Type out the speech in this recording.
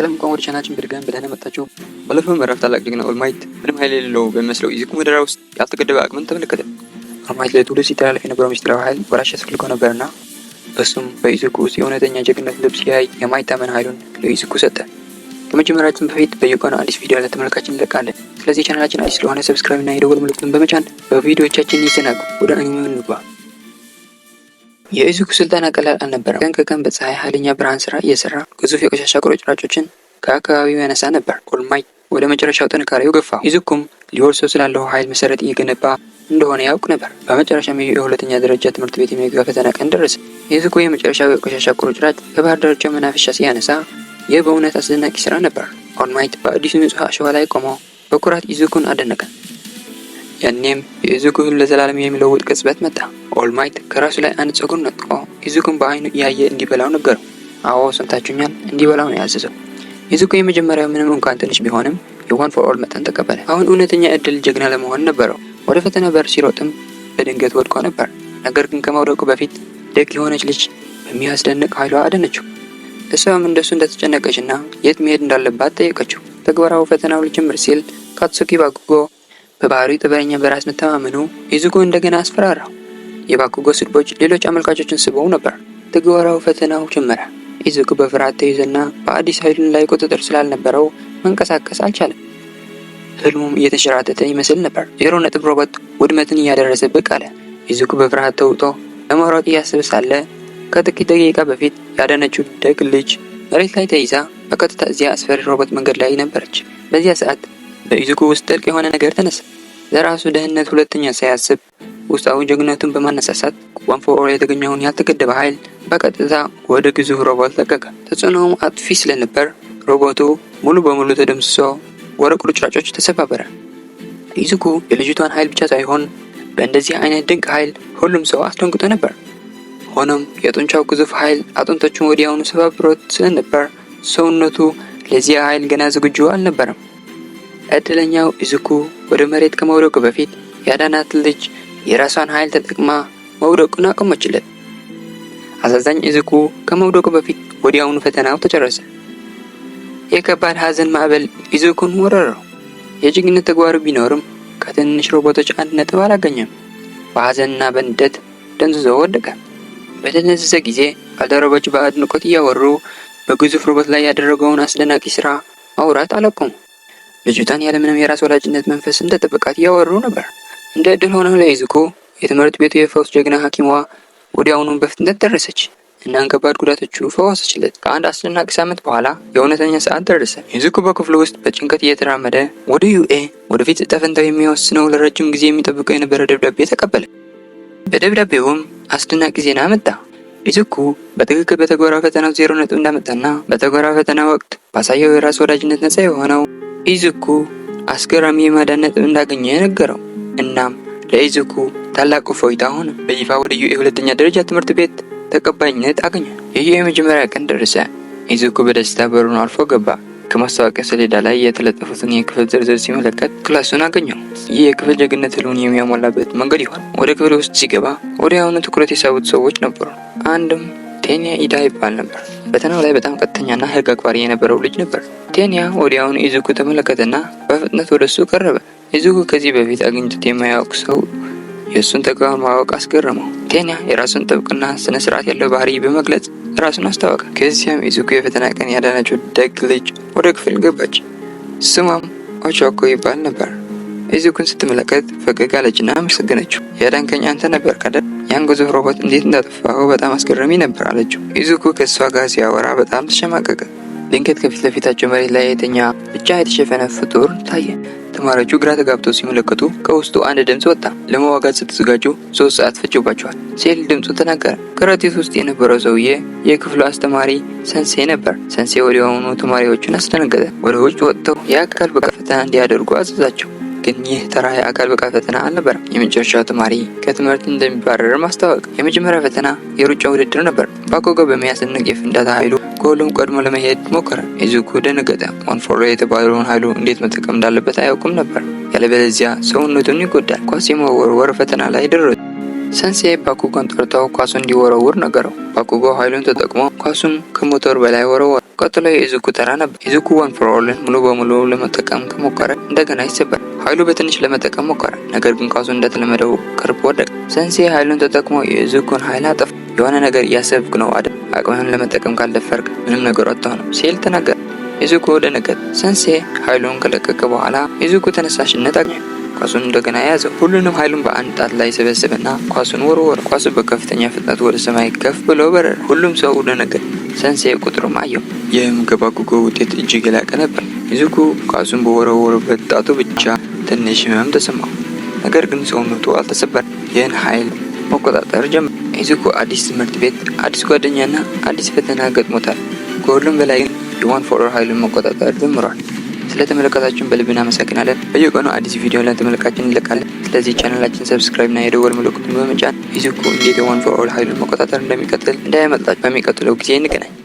ሰላም እንኳን ወደ ቻናችን በድጋሚ በደህና መጣችሁ። ባለፈው ምዕራፍ ታላቅ ጀግና ኦልማይት ምንም ኃይል የሌለው በሚመስለው ኢዚኩ ምድራ ውስጥ ያልተገደበ አቅምን ተመለከተ። ኦልማይት ለትውልድ ሲተላለፍ የነበረው ሚስጥራዊ ኃይል ወራሽ ያስፈልገው ነበርና እሱም በኢዚኩ ውስጥ የእውነተኛ ጀግነት ልብስ ሲያይ የማይታመን ኃይሉን ለኢዚኩ ሰጠ። ከመጀመሪያችን በፊት በየቀኑ አዲስ ቪዲዮ ለተመልካችን እንለቃለን። ስለዚህ ቻናላችን አዲስ ስለሆነ ሰብስክራይብ እና የደወል ምልክቱን በመጫን በቪዲዮቻችን ይዘናጉ። ወደ አኒሜው እንግባ። የኢሱኩ ስልጠና ቀላል አልነበረም። ቀን ከቀን በፀሐይ ኃይለኛ ብርሃን ስራ እየሰራ ግዙፍ የቆሻሻ ቁርጭራጮችን ከአካባቢው ያነሳ ነበር። ቁልማይ ወደ መጨረሻው ጥንካሬው ገፋ። ኢሱኩም ሊወርሰው ስላለው ኃይል መሰረት እየገነባ እንደሆነ ያውቅ ነበር። በመጨረሻም የሁለተኛ ደረጃ ትምህርት ቤት የሚገባ ፈተና ቀን ደረሰ። የኢሱኩ የመጨረሻው የቆሻሻ ቁርጭራጭ ከባህር ዳርቻ መናፈሻ ሲያነሳ ይህ በእውነት አስደናቂ ስራ ነበር። ኦልማይት በአዲሱ ንጹህ አሸዋ ላይ ቆሞ በኩራት ኢሱኩን አደነቀን። ያኔም የኢዙጉህን ለዘላለም የሚለውጥ ቅጽበት መጣ። ኦልማይት ከራሱ ላይ አንድ ጸጉር ነጥቆ ኢዙጉን በአይኑ እያየ እንዲበላው ነገረው። አዎ ሰምታችሁኛል፣ እንዲበላው ነው ያዘዘው። ኢዙጉ የመጀመሪያው ምንም እንኳን ትንሽ ቢሆንም የዋን ፎር ኦል መጠን ተቀበለ። አሁን እውነተኛ እድል ጀግና ለመሆን ነበረው። ወደ ፈተና በር ሲሮጥም በድንገት ወድቆ ነበር። ነገር ግን ከመውደቁ በፊት ደግ የሆነች ልጅ በሚያስደንቅ ኃይሏ አደነችው። እሷም እንደሱ እንደተጨነቀችና የት መሄድ እንዳለባት ጠየቀችው። ተግባራዊ ፈተናው ልጅምር ሲል ካትሱኪ ባጉጎ በባህሪ ጥበበኛ፣ በራስ መተማመኑ ይዝጎ እንደገና አስፈራራው። የባኩጎ ስድቦች ሌሎች አመልካቾችን ስበው ነበር። ትግበራው ፈተናው ጀመረ። ኢዙኩ በፍርሃት ተይዘና በአዲስ ኃይሉን ላይ ቁጥጥር ስላልነበረው መንቀሳቀስ አልቻለም። ህልሙም እየተንሸራተተ ይመስል ነበር። ዜሮ ነጥብ ሮቦት ውድመትን እያደረሰ ብቅ አለ። ኢዙኩ በፍርሃት ተውጦ ለመሯጥ እያስብ ሳለ ከጥቂት ደቂቃ በፊት ያደነችው ደግ ልጅ መሬት ላይ ተይዛ በቀጥታ እዚያ አስፈሪ ሮቦት መንገድ ላይ ነበረች። በዚያ ሰዓት በኢዝቁ ውስጥ ጥልቅ የሆነ ነገር ተነሳ። ለራሱ ደህንነት ሁለተኛ ሳያስብ ውስጣዊ ጀግነቱን በማነሳሳት ዋንፎሮ ላይ የተገኘውን ያልተገደበ ኃይል በቀጥታ ወደ ግዙፍ ሮቦት ለቀቀ። ተጽዕኖውም አጥፊ ስለነበር ሮቦቱ ሙሉ በሙሉ ተደምስሶ ወደ ቁርጭራጮች ተሰባበረ። ኢዝኩ የልጅቷን ኃይል ብቻ ሳይሆን በእንደዚህ አይነት ድንቅ ኃይል ሁሉም ሰው አስደንግጦ ነበር። ሆኖም የጡንቻው ግዙፍ ኃይል አጥንቶቹን ወዲያውኑ ሰባብሮት ስለነበር ሰውነቱ ለዚያ ኃይል ገና ዝግጁ አልነበረም። ዕድለኛው ኢዙኩ ወደ መሬት ከመውደቁ በፊት ያዳናት ልጅ የራሷን ኃይል ተጠቅማ መውደቁን አቆመችለት። አሳዛኝ ኢዙኩ ከመውደቁ በፊት ወዲያውኑ ፈተናው ተጨረሰ። የከባድ ሐዘን ማዕበል ኢዙኩን ወረረው። የጀግንነት ተግባሩ ቢኖርም ከትንሽ ሮቦቶች አንድ ነጥብ አላገኘም። በሐዘንና በንደት ደንዝዞ ወደቀ። በደነዘዘ ጊዜ ባልደረቦች በአድናቆት እያወሩ በግዙፍ ሮቦት ላይ ያደረገውን አስደናቂ ስራ ማውራት አላቆሙ። ልጅቷን ያለምንም የራስ ወላጅነት መንፈስ እንደ ጥብቃት እያወሩ ነበር። እንደ እድል ሆነ ለይዝኮ የትምህርት ቤቱ የፈውስ ጀግና ሐኪሟ ወዲያውኑ በፍጥነት ደረሰች። እናን ከባድ ጉዳቶቹ ፈወሰችለት። ከአንድ አስደናቂ ሳምንት በኋላ የእውነተኛ ሰዓት ደረሰ። ይዝኩ በክፍሉ ውስጥ በጭንቀት እየተራመደ ወደ ዩኤ ወደፊት ዕጣ ፈንታው የሚወስነው ለረጅም ጊዜ የሚጠብቀው የነበረ ደብዳቤ ተቀበለ። በደብዳቤውም አስደናቂ ዜና መጣ። ይዝኩ በትክክል በተግባራዊ ፈተናው ዜሮ ነጥብ እንዳመጣና በተግባራዊ ፈተና ወቅት ባሳየው የራስ ወዳጅነት ነጻ የሆነው ኢዝኩ አስገራሚ የማዳን ነጥብ እንዳገኘ የነገረው እናም ለኢዝኩ ታላቅ እፎይታ ሆነ። በይፋ ወደ ዩኤ ሁለተኛ ደረጃ ትምህርት ቤት ተቀባይነት አገኘ። የዩኤ የመጀመሪያ ቀን ደረሰ። ኢዝኩ በደስታ በሩን አልፎ ገባ። ከማስታወቂያ ሰሌዳ ላይ የተለጠፉትን የክፍል ዝርዝር ሲመለከት ክላሱን አገኘው። ይህ የክፍል ጀግነት ህልውን የሚያሟላበት መንገድ ይሆን? ወደ ክፍል ውስጥ ሲገባ ወዲያውኑ ትኩረት የሳቡት ሰዎች ነበሩ። አንድም ቴንያ ኢዳ ይባል ነበር። ፈተናው ላይ በጣም ቀጥተኛና ህግ አክባሪ የነበረው ልጅ ነበር። ቴንያ ወዲያውን ኢዙኩ ተመለከተና በፍጥነት ወደ እሱ ቀረበ። ኢዙኩ ከዚህ በፊት አግኝቶት የማያውቅ ሰው የእሱን ተግባር ማወቅ አስገረመው። ቴንያ የራሱን ጥብቅና ስነ ስርዓት ያለው ባህሪ በመግለጽ ራሱን አስታወቀ። ከዚያም ኢዙኩ የፈተና ቀን ያዳነችው ደግ ልጅ ወደ ክፍል ገባች። ስሟም ኦቾኮ ይባል ነበር። ኤዞኩን ስትመለከት ፈገግ አለችና አመሰገነችው። ያዳንከኝ አንተ ነበር ካደል ያን ግዙፍ ሮቦት እንዴት እንዳጠፋኸው በጣም አስገረሚ ነበር አለችው። ኢዙኩ ከእሷ ጋር ሲያወራ በጣም ተሸማቀቀ። ድንገት ከፊት ለፊታቸው መሬት ላይ የተኛ ብቻ የተሸፈነ ፍጡር ታየ። ተማሪዎቹ ግራ ተጋብተው ሲመለከቱ ከውስጡ አንድ ድምፅ ወጣ። ለመዋጋት ስትዘጋጁ ሶስት ሰዓት ፈጅባቸዋል ሲል ድምፁ ተናገረ። ከረጢት ውስጥ የነበረው ሰውዬ የክፍሉ አስተማሪ ሰንሴ ነበር። ሰንሴ ወዲያውኑ ተማሪዎቹን አስደነገጠ። ወደ ውጭ ወጥተው የአካል ብቃት ፈተና እንዲያደርጉ አዘዛቸው። ግን ይህ ተራ የአካል ብቃት ፈተና አልነበረም። የመጨረሻው ተማሪ ከትምህርት እንደሚባረር ማስታወቅ። የመጀመሪያ ፈተና የሩጫ ውድድር ነበር። ባኮጎ በሚያስንቅ የፍንዳታ ኃይሉ ከሁሉም ቀድሞ ለመሄድ ሞከረ። ኢዙኩ ደነገጠ። ሞንፎሮ የተባለውን ኃይሉ እንዴት መጠቀም እንዳለበት አያውቅም ነበር። ያለበለዚያ ሰውነቱን ይጎዳል። ኳስ የመወርወር ፈተና ላይ ደረሱ። ሰንሴ ባኩጎን ጠርተው ኳሱ እንዲወረውር ነገረው። ባኩጎ ኃይሉን ተጠቅሞ ኳሱም ከሞተር በላይ ወረወረ። ቀጥሎ የኢዙኩ ተራ ነበር። ኢዙኩ ወንፍሮልን ሙሉ በሙሉ ለመጠቀም ከሞከረ እንደገና ይሰበራል። ኃይሉ በትንሽ ለመጠቀም ሞከረ፣ ነገር ግን ኳሱ እንደተለመደው ቅርብ ወደቀ። ሰንሴ ኃይሉን ተጠቅሞ የዝኩን ኃይል አጠፋ። የሆነ ነገር እያሰብክ ነው አደ አቅምህን ለመጠቀም ካልደፈርክ ምንም ነገር ወጥተው ነው ሲል ተናገረ። የዝኩ ደነገጠ። ሰንሴ ኃይሉን ከለቀቀ በኋላ የዝኩ ተነሳሽነት አገኘ። ኳሱን እንደገና የያዘ ሁሉንም ኃይሉን በአንድ ጣት ላይ ሰበሰበና ኳሱን ወረወረ። ኳሱ በከፍተኛ ፍጥነት ወደ ሰማይ ከፍ ብሎ በረረ። ሁሉም ሰው ደነገጠ። ሰንሴ ቁጥሩም አየው። ይህም ከባኩጎ ውጤት እጅግ የላቀ ነበር። ይዙኩ ኳሱን በወረወረበት ጣቱ ብቻ ትንሽ ህመም ተሰማው። ነገር ግን ሰውነቱ አልተሰበርም። ይህን ኃይል መቆጣጠር ጀመረ። ኢዙኮ አዲስ ትምህርት ቤት፣ አዲስ ጓደኛና አዲስ ፈተና ገጥሞታል። ከሁሉም በላይ ግን የዋን ፎር ኃይሉን መቆጣጠር ጀምሯል። ስለተመለከታችሁን በልብ እናመሰግናለን። በየቀኑ አዲስ ቪዲዮ ለተመልካችን እንለቃለን። ስለዚህ ቻናላችን ሰብስክራይብ እና የደወል ምልክቱን በመጫን ኢዙኮ እንዴት የዋን ፎር ኃይሉን መቆጣጠር እንደሚቀጥል እንዳያመልጣችሁ። በሚቀጥለው ጊዜ እንገናኝ።